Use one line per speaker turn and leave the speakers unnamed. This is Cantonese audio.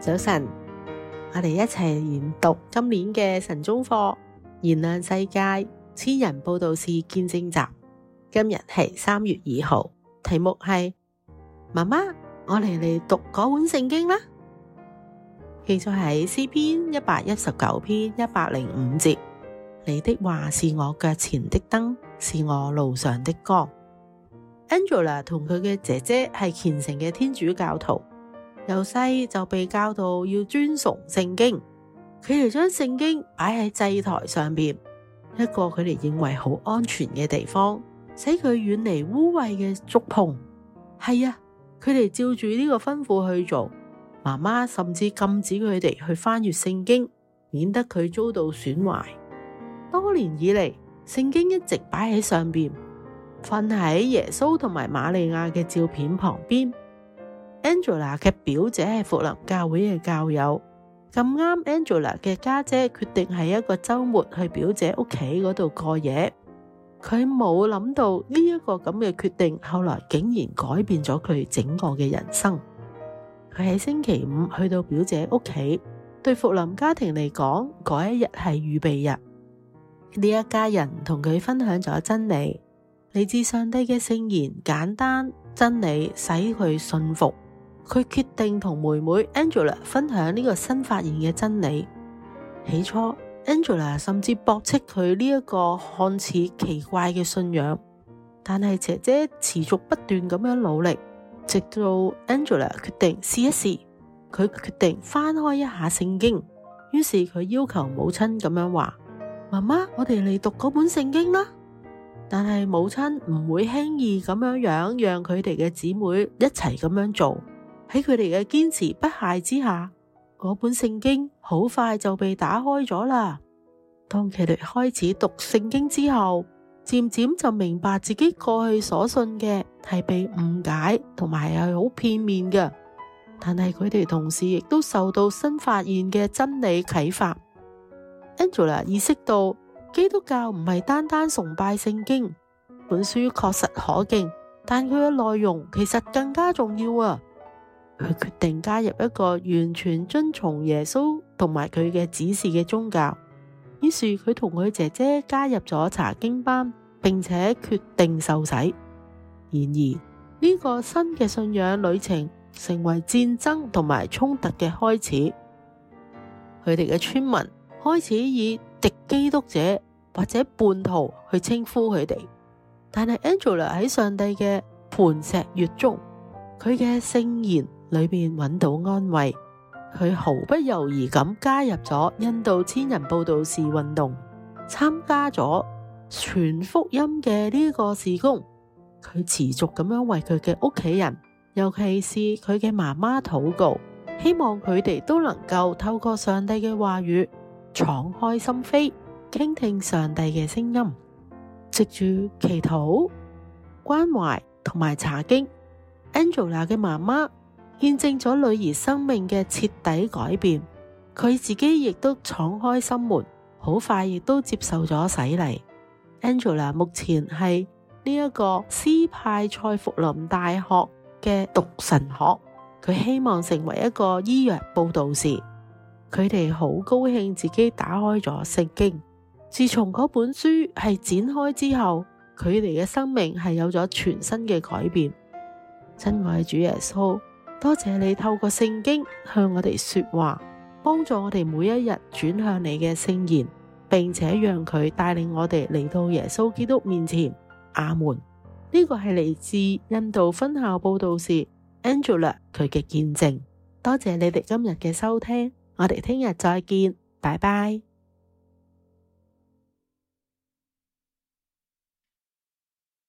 早晨，我哋一齊研讀今年嘅晨鐘課，燃亮世界千人佈道士見證集。今日係三月二號，題目係媽媽，我嚟嚟讀嗰本聖經啦。記載喺詩篇一百一十九篇一百零五節，你的話是我腳前的燈，是我路上的光。Angela 同佢嘅姐姐係虔誠嘅天主教徒。由細就被教導要尊崇聖經，佢哋將聖經擺喺祭台上邊，一個佢哋認為好安全嘅地方，使佢遠離污穢嘅觸碰。係啊，佢哋照住呢個吩咐去做。媽媽甚至禁止佢哋去翻閱聖經，免得佢遭到損壞。多年以嚟，聖經一直擺喺上邊，瞓喺耶穌同埋瑪利亞嘅照片旁邊。Angela 嘅表姐係福林教會嘅教友，咁啱 Angela 嘅家姐決定喺一個週末去表姐屋企嗰度過夜。佢冇諗到呢一個咁嘅決定，後來竟然改變咗佢整個嘅人生。佢喺星期五去到表姐屋企，對福林家庭嚟講，嗰一日係預備日。呢一家人同佢分享咗真理，嚟自上帝嘅聖言，簡單真理使佢信服。佢決定同妹妹 Angela 分享呢個新發現嘅真理。起初，Angela 甚至駁斥佢呢一個看似奇怪嘅信仰。但係姐姐持續不斷咁樣努力，直到 Angela 決定試一試。佢決定翻開一下聖經。於是佢要求母親咁樣話：「媽媽，我哋嚟讀嗰本聖經啦。」但係母親唔會輕易咁樣樣，讓佢哋嘅姊妹一齊咁樣做。喺佢哋嘅堅持不懈之下，嗰本聖經好快就被打開咗啦。當佢哋開始讀聖經之後，漸漸就明白自己過去所信嘅係被誤解同埋係好片面嘅，但係佢哋同時亦都受到新發現嘅真理啟發。 Angela 意識到基督教唔係單單崇拜聖經，本書確實可敬，但佢嘅內容其實更加重要啊！佢決定加入一個完全遵從耶穌同埋佢嘅指示嘅宗教，於是佢同佢姐姐加入咗查經班，並且決定受洗。然而呢個新嘅信仰旅程成為戰爭同埋衝突嘅開始，佢哋嘅村民開始以敵基督者或者叛徒去稱呼佢哋，但係 Angela 喺上帝嘅磐石月中，佢嘅聖言裏面揾到安慰，佢毫不猶豫咁加入咗印度千人佈道士運動，參加咗全福音嘅呢個事工。佢持續咁樣為佢嘅屋企人，尤其是佢嘅媽媽禱告，希望佢哋都能夠透過上帝嘅話語敞開心扉，傾聽上帝嘅聲音，藉住祈禱、關懷同埋查經。Angela 嘅媽媽見證咗女兒生命嘅徹底改變，佢自己亦都敞開心門，好快亦都接受咗洗禮。Angela 目前係呢一個斯派塞福林大學嘅讀神學，佢希望成為一個醫藥布道士。佢哋好高興自己打開咗聖經，自從嗰本書係展開之後，佢哋嘅生命係有咗全新嘅改變。親愛主耶穌，多謝你透過聖經向我哋說話，幫助我哋每一日轉向你嘅聖言，並且讓佢帶領我哋嚟到耶穌基督面前。阿門。呢、這個係嚟自印度分校佈道士 Angela 佢嘅見證。多謝你哋今日嘅收聽，我哋聽日再見，拜拜。